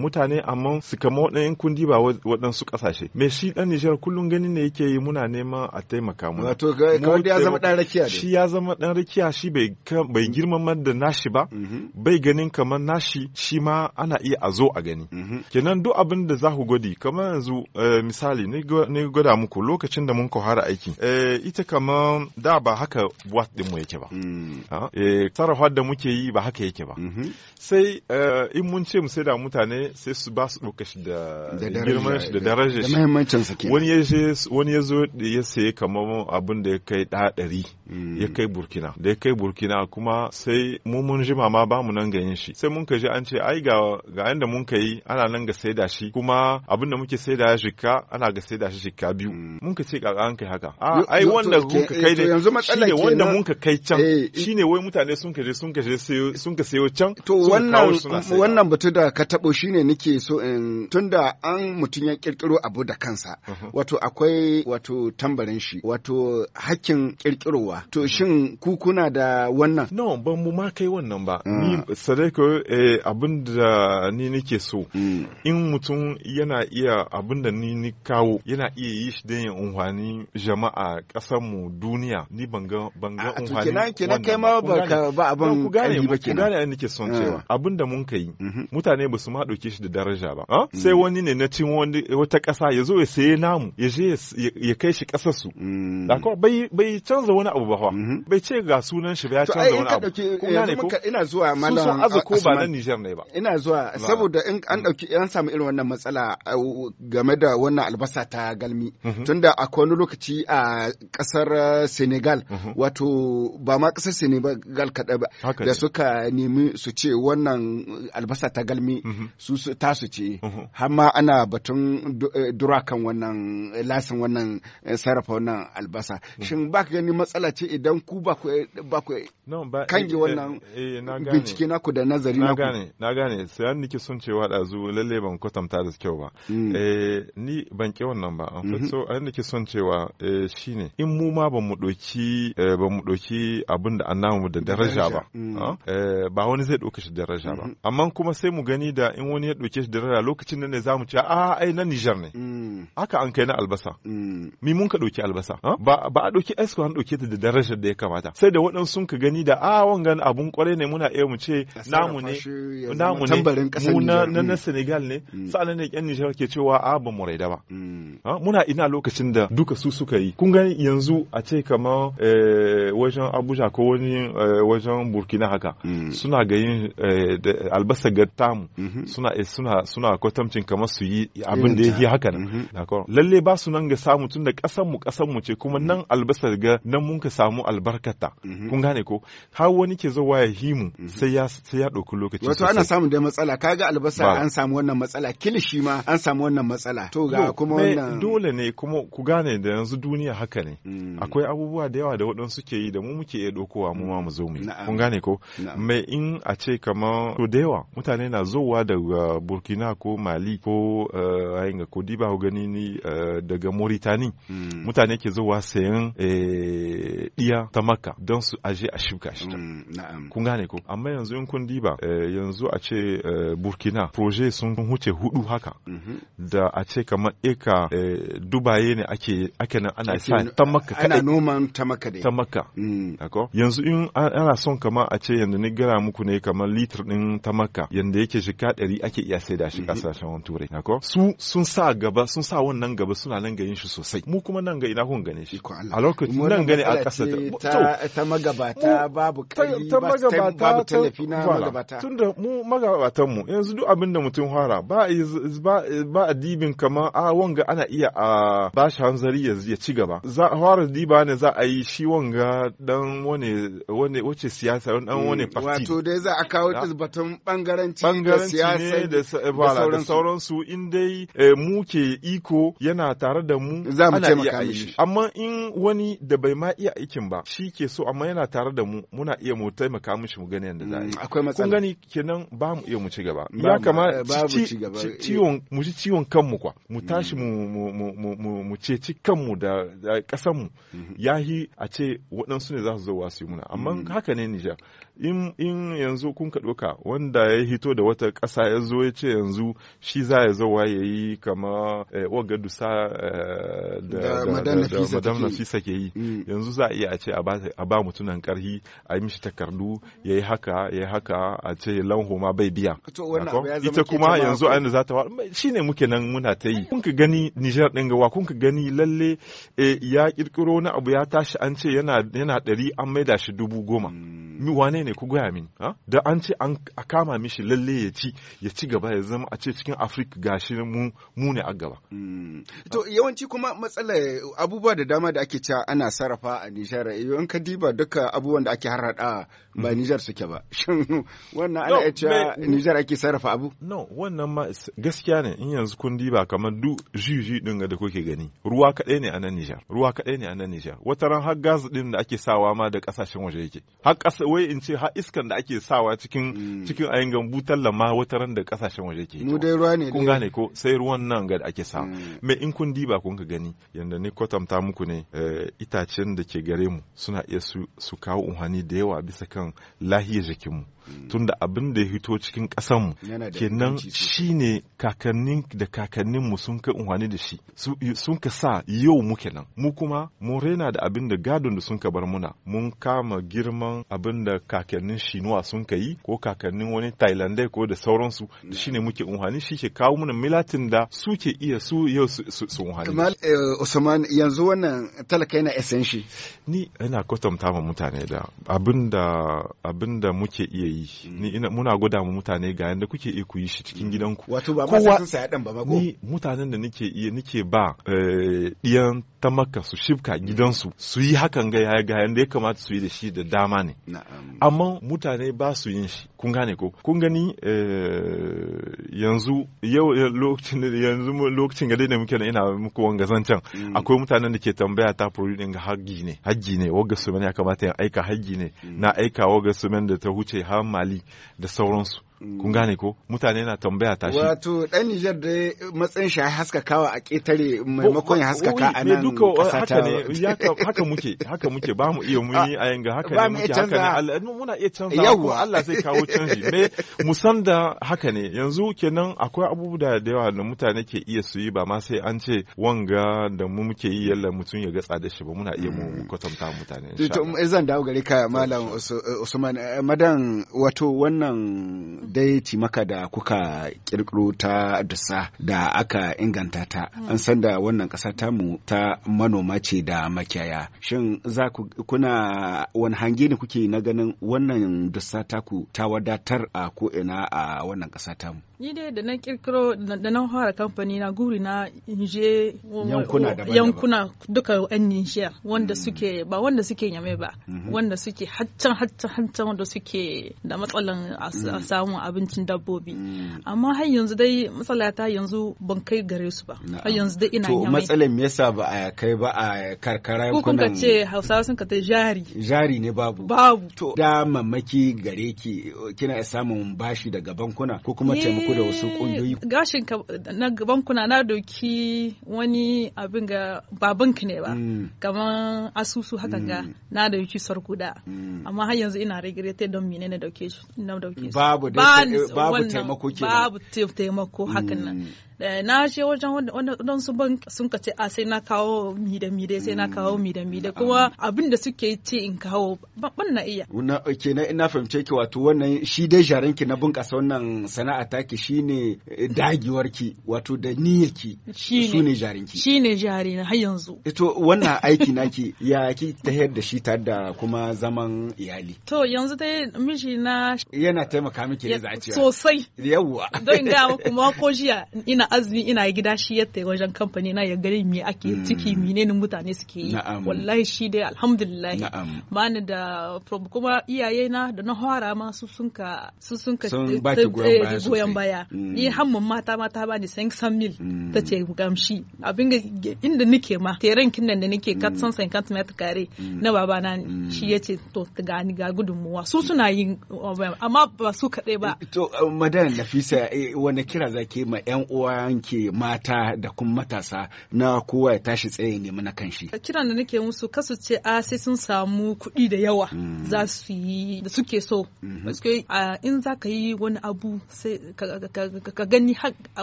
mutane amma su kama waɗannan kun diba waɗansu ƙasashe me shi ɗan Nijar kullum gani ne yake yi muna neman a taimaka mu wato kawai ya zama ɗan rakiya shi ya zama ɗan rakiya shi bai bai man da nashi ba mm-hmm. bai ganin kamar nashi shi ma ana iya a zo a gani ne mhm. kenan duk abin da za ku gwadi kamar yanzu eh, misali ne gwada muku lokacin da mun kohara aiki eh, ita kamar da ba haka wat ɗin mu yake ba sarrafa mm. eh, da muke yi ba haka yake ba mhm. sai in mun ce mu sai da mutane sai su ba su ɗauka shi da girman shi da daraja shi wani ya zo ya saye kamar abin da ya kai ɗa ɗari mm. ya kai burkina da ya kai burkina kuma sai mu mun jima ma ba mu nan ganin shi sai mun ka ji an ce ai ga ga yanda mun ka yi yi ana nan ga saida shi kuma abin da muke saida shika ana ga saida shi shika biyu hmm. mun ka ce kaka an kai haka ai wanda kun ka eh, kai eh, ne shine wanda mun ka kai can eh, shine wai mutane sun ka je sun ka je sun ka sayo can to wannan wannan batu da ka tabo shine nake so in tunda an mutun ya kirkiro abu da kansa uh-huh. wato akwai wato tambarin shi wato hakkin kirkirowa to uh-huh. shin ku kuna da wannan no ban mu ma kai wannan ba ni ah. sadai ko abin da ni nake so kyau mm. in mutum yana iya abin da ni ni kawo yana iya yi shi don unhwani jama'a ƙasar mu duniya ni ban banga ban A unhwani kenan kenan kai ma ba ba abin gane ba kenan gane nake son cewa ah. abin da mun kai mm-hmm. mutane ba su ma dauke shi da daraja ba ah, mm. sai wani ne na cin wani wata ƙasa ya zo ya saye namu ya je ya kai shi ƙasar su mm. bai bai canza wani abu ba mm-hmm. bai ce ga sunan shi ba ya canza eh, wani abu ina zuwa malam azuko ba na Niger ne ba ina zuwa saboda in an ɗauki an samu irin wannan matsala game da wannan albasa ta galmi mhm. tunda a wani lokaci a ƙasar Senegal mhm. wato ba ma ƙasar Senegal kaɗai ba da suka nemi su ce wannan albasa ta galmi mhm. su su ce har ana batun eh, durakan wannan lasin wannan eh, sarrafa wannan albasa shin ba ka gani matsala ce idan ku ba ku kange eh, wannan bincike naku da nazari na gane na gane sayan nike sun ce da ɗazu lalle ban kwatanta da kyau ba mm. eh, ni ban ƙi wannan ba an mm-hmm. so yadda ke son cewa eh, shine in mu ma ba mu ɗoki eh, ba mu ɗoki abin da annamu da daraja ba mm. ah, ba wani zai ɗauka shi daraja ba mm-hmm. amma kuma sai mu gani da in wani ya ɗauke shi daraja lokacin nan ne za mu ce a ah, ai na Nijar ne mm. haka an kai na albasa mi mun ka ɗauki albasa ah, ba a ɗauki esko an ɗauke ta da darajar da ya kamata sai da waɗansu sun ka gani da a wangan abun kwarai ne muna iya mu ce namu ne namu ne mu na na Senegal ne mm. sa'annan ne yan Nijar ke cewa a ah, ba mu raida ba mm. ah, muna ina lokacin da duka su suka yi kun gani yanzu a ce kamar eh, wajen Abuja ko wani eh, wajen Burkina haka mm. suna ga yin eh, albasa ga tamu mm-hmm. suna suna suna kwatamcin kamar su yi abin da yake haka nan mm-hmm. lalle ba su nan ga samu tun da kasan mu kasan mu ce kuma nan albasa ga nan mun ka samu albarkata mm-hmm. kun gane ko har wani ke zo waya himu sai ya sai ya dauki lokaci wato ana samun da matsala kaga albasa an samu wannan matsala kilishi ma an samu wannan matsala to ga kuma wannan dole ne kuma ku gane da yanzu duniya haka ne hmm. akwai abubuwa da yawa da waɗansu ke yi da mu muke iya dokowa mu ma mu zo mu kun gane ko mai in a ce kamar to da yawa mutane na zowa daga Burkina ko Mali ko uh, eh, ko Diba gani ni eh, daga moritani. Hmm. mutane ke zowa sayan diya eh, iya ta Makka don su aje a shuka shi hmm, kun gane ko amma yanzu in kun diba yanzu a ce Burkina proje sun huce hudu haka mhm. da a ce kamar eka eh, dubaye ne ake ake nan ana sa ta maka ana noman ta maka dai ta dako mm. yanzu in ana son kamar a ce yanda ni gara muku ne kamar litir din ta maka yanda yake shika ɗari ake iya saida shi kasashen mhm. turai su sun sa gaba sun sa wannan gaba suna nan ga yin shi sosai mu kuma nan ga ina kun gane shi a lokacin nan gane a ƙasa ta ta magabata babu kai babu tallafi na magabata tunda mu magabatan mu yanzu duk abin da mutum fara ba ba a dibin kamar a wanga ana iya a bashi hanzari ya ci gaba za a fara diba ne za a yi shi wanga dan wane wane wace siyasa dan mm, wane party wato dai za a kawo batun bangaranci da siyasa da eh, sauran su in dai eh, mu ke iko yana tare da mu za mu taimaka mishi amma in wani da bai ma iya aikin ba shi ke so amma yana tare da mu muna iya mu taimaka mishi mu gani yadda za a yi mm, akwai matsala kun gani kenan ba mu iya mu ci gaba ya kamata amma eh, eh, ciwon mu ji ciwon kanmu kwa mu mm. tashi mu mu mu ceci kanmu da kasan mu mm-hmm. yahi a ce waɗansu ne za su zo wasu muna amma mm. haka ne Nijar in yanzu kun ka ɗauka wanda ya hito da wata ƙasa ya zo ya ce yanzu shi za ya zo ya yi kama eh, waga dusa da madam nafisa ke yi mm. yanzu za a iya a ce a ba mutunan ƙarhi a yi mishi takardu ya yi haka ya yi haka a ce lanho ma bai biya ita kuma yanzu a za ta shi ne muke nan muna ta yi kun ka gani Nijar ɗin gawa kun ka gani lalle eh, ya kirkiro na abu ya tashi an ce yana ɗari an maida shi dubu goma hmm. mi wane ne ku gaya mini da an ce an kama mishi lalle ya ci ya ci gaba ya zama a ce cikin Afirka gashi mu mu ne a gaba hmm. to yawanci kuma matsalar abubuwa da dama da ake ci ana sarrafa a Nijar eh, in ka diba duka abubuwan da ake harhaɗa ba mm. Nijar suke ba shin wannan ana iya Nijar ake sarrafa abu no wannan ma gaskiya ne in yanzu kun diba kamar duk jiji din da kuke gani ruwa kadai ne a nan Nijar ruwa kadai ne a nan Nijar wata ran har gas din da ake sawa ma da kasashen waje yake har kasa wai in ce har iskan da ake sawa cikin mm. cikin ayin gambu tallan ma wata ran da kasashen waje yake mu dai ruwa ne kun gane ko sai ruwan nan ga da ake sawa mm. me in kun diba kun ka gani yanda ni kwatanta muku ne eh, itacen da ke gare mu suna iya su kawo unhani da yawa bisa kan akan lahiyar jikinmu Mm. tunda abin da ya hito cikin ƙasanmu kenan shi ne kakannin da kakannin mu sun kai da shi sun ka sa yau muke nan mu kuma mun rena da abin da gadon da sun ka bar muna mun kama girman abin da kakannin shinuwa sun ka yi ko kakannin wani thailandai ko da sauransu da shi ne muke unhwani shi ke kawo muna milatin da suke iya su yau su unhwani eh, usman yanzu wannan talaka yana esen ni ina kwatanta mutane da abinda da abin da muke iya yi mm. ni ina muna gwada mu mutane ga yanda kuke iya ku yi shi cikin mm. gidanku wato ba ma sai sun saya dan ba ba ko mutanen da nake iya nake ba diyan eh, ta maka su shifka gidansu su yi hakan ga yaya ga yanda ya kamata su yi da shi da dama ne amma mutane ba su yin shi kun gane ko kun gani eh, yanzu yau eh, lokacin da yanzu lokacin ga da muke ina muku wanga zancan mm. akwai mutanen da ke tambaya ta furu din ga haggi ne haggi ne waga su ya kamata ya aika haggi ne mm. na aika waga su da ta huce har mali da sauransu Mm. kun gane ko mutane na tambaya tashi wato dan Niger da matsayin shi ai haskakawa a ketare maimakon ya haskaka a nan kasa ta haka muke haka muke ba mu iya mu yi a yanga haka ne muke haka ne Allah muna iya canza ko Allah zai kawo canji me musan da haka ne yanzu kenan akwai abubuwa da yawa da mutane ke iya su yi ba ma sai an ce wanga da mu muke yi yalla mutum ya gatsa da shi ba muna iya mu mm. kwatanta mutane insha Allah to eh, zan dawo gare ka malam eh, Usman eh, madan wato wannan dai cimaka da kuka kirkiro ta dusa da aka inganta ta mm. an san da wannan ƙasa mu ta manoma ce da makiyaya shin za ku kuna wani hange ne kuke na ganin wannan dusa taku ta wadatar a ko ina a wannan ƙasa mu. ni dai da na kirkiro da na fara kamfani na guri na inje yankuna duka yan Niger wanda mm. suke ba wanda suke yame ba mm-hmm. wanda suke haccan haccan haccan wanda suke da matsalan a mm. samun abincin dabbobi mm. amma har yanzu dai matsala ta yanzu ban kai gare su ba har yanzu dai ina yame to matsalan me yasa ba a kai ba a karkara ko kun ce Hausawa sun ka ta jari jari ne babu babu to da mamaki gare ki kina samun bashi daga bankuna ko kuma eh, taimako da wasu kungiyoyi eh, gashin ka na gaban kuna na doki wani abin ga ka ne ba mm. kaman asusu haka ga mm. na doki sarkuda mm. amma har yanzu ina regrete don mine na dauke shi na dauke babu eh, babu taimako ke babu taimako hakan nan Eh, na je wajen wannan su ban sun ka ce a ah, sai na kawo mi da mi sai na kawo mi da mi da kuma abin da suke ce in kawo ban na iya na kenan ina fahimce ki wato wannan shi dai jaran ki na bunƙasa wannan sana'a ta ki shine eh, dagewar ki wato da niyyar ki su ne jarin ki shine jari na har yanzu eh, to wannan aiki naki ya ki ta da shi ta da kuma zaman iyali to yanzu dai miji na yana taimaka miki da zaciya sosai yawwa don ga muku ko jiya ina azumi ina gida shi yadda wajen kamfani na ya gani me ake hmm. ciki menene mutane suke yi wallahi shi dai alhamdulillah ba ni da kuma iyaye na da na hwara ma su sun ka su sun ka eh, eh, goyon baya hmm. ni hamman mata mata ba ni san san mil ta hmm. ce gamshi abin inda nake ma teren kinnan da nake kat san san kat mata kare na baba na shi yace to ga ni ga gudunmuwa su suna yin eh, amma ba su kadai ba to madan nafisa wani kira zaki ma yan uwa wanke mata da kuma matasa na kowa ya tashi tsaye nemi na kanshi. Kiran da nake musu kasu ce a ah, sai sun samu kuɗi da yawa mm. za su yi da suke so. Mm-hmm. in za ka yi wani abu sai ka gani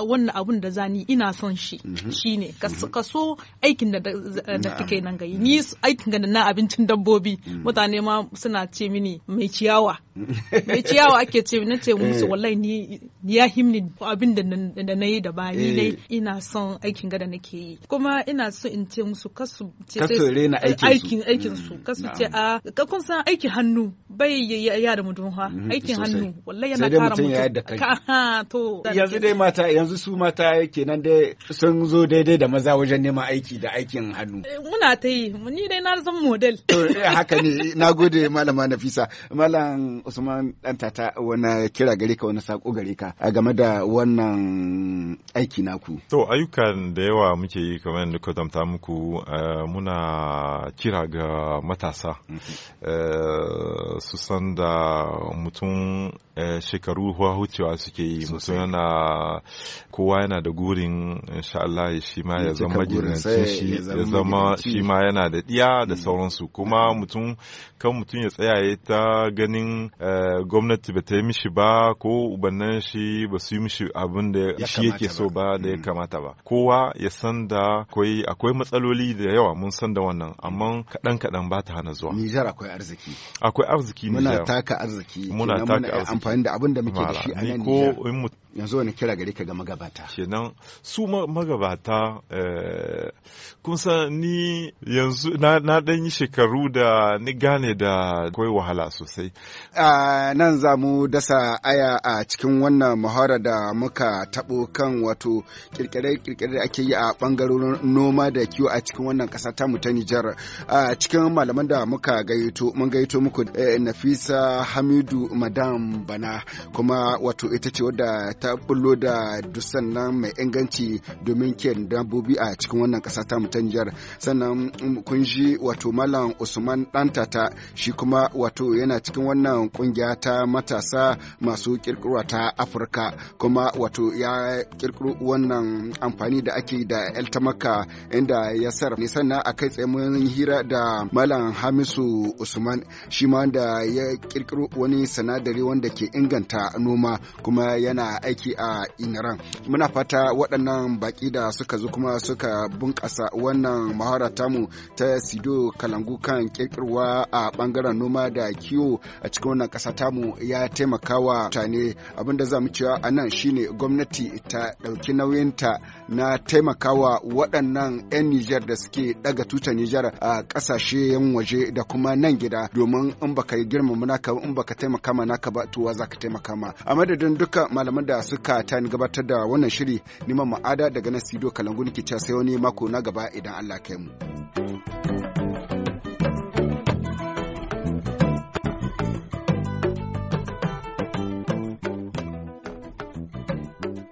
wannan abun da zani ina son shi mm-hmm. shine mm-hmm. ka so aikin da kake nan gayi ni aikin da na abincin dabbobi mm. mutane ma suna ce mini mai ciyawa mm. mai ciyawa ake ce na ce musu eh. wallahi ni ya himni abin da na yi da ba ni eh. dai ina son aikin gada nake yi kuma ina so in ce musu kasu ce aikin aikin mm, su kasu ce a ah, ka kun san aikin hannu bai ya da mutum ha mm-hmm, aikin hannu wallahi yana kara mutum to eh, yanzu dai mata yanzu su mata nan dai sun zo daidai da maza wajen neman aiki da aikin hannu eh, muna ta yi ni dai na zan model to haka ne nagode malama Nafisa malam Usman dan tata wani kira gare ka wani sako gare ka game da wannan aiki naku? To ayyukan da yawa muke yi kamar yadda ka zamta muku eh, muna kira ga matasa mm-hmm. eh, su san da mutum eh, shekaru huwa hucewa suke yi mutum yana kowa yana da gurin insha ya shi ma ya zama girancin shi ya zama shi ma yana da ɗiya da mm. sauransu kuma mm-hmm. mutum kan mutum ya tsaya ta ganin gwamnati ba ta yi mishi ba ko ubannan shi ba su yi mishi abin da shi yake so so ba da ya mm. kamata ba kowa ya san da akwai akwai matsaloli da yawa mun san da wannan amma kaɗan kaɗan ba ta hana zuwa Nijar akwai arziki akwai arziki muna taka arziki muna taka arziki amfani da abin da muke da shi a nan ko yanzu wani kira gari ka ga magabata kenan su magabata eh, kun san ni yanzu na dan yi shekaru da ni gane da kawai wahala sosai nan za mu dasa aya a cikin wannan muhara da muka tabo kan wato kirkire-kirkire da ake yi a bangarorin noma da kiwo a cikin wannan kasa ta ta Nijar a cikin malaman da muka gayyato mun gayyato muku eh, Nafisa Hamidu Madam Bana kuma wato ita ce wadda ta bullo da dusan nan mai inganci domin kiyan dabbobi a cikin wannan kasa ta mutanjar sannan um, kun ji wato malam usman ta shi kuma wato yana cikin wannan kungiya ta matasa masu kirkirwa ta afirka kuma wato ya kirkiro wannan amfani da ake da yaltamaka inda ya sar sannan a kai tsaye mun hira da malam hamisu usman shi ma da ya kirkiro wani sanadari wanda ke inganta noma kuma yana aiki a Inaran. Muna fata waɗannan baƙi da suka zo kuma suka bunƙasa wannan mahara tamu ta Sido Kalangu kan ƙirƙirwa a ɓangaren noma da kiwo a cikin wannan ƙasa tamu ya taimaka wa mutane abinda za mu cewa a nan shine gwamnati ta ɗauki nauyinta na taimakawa waɗannan 'yan Nijar da suke ɗaga tutar Nijar a ƙasashen waje da kuma nan gida domin in baka yi girmama naka in baka taimaka ma naka ba tuwa za ka taimaka ma a madadin duka malaman da suka ta gabatar da wannan shiri neman ma'ada daga nan studio kalangu nike cewa sai wani mako na gaba idan Allah kai mu.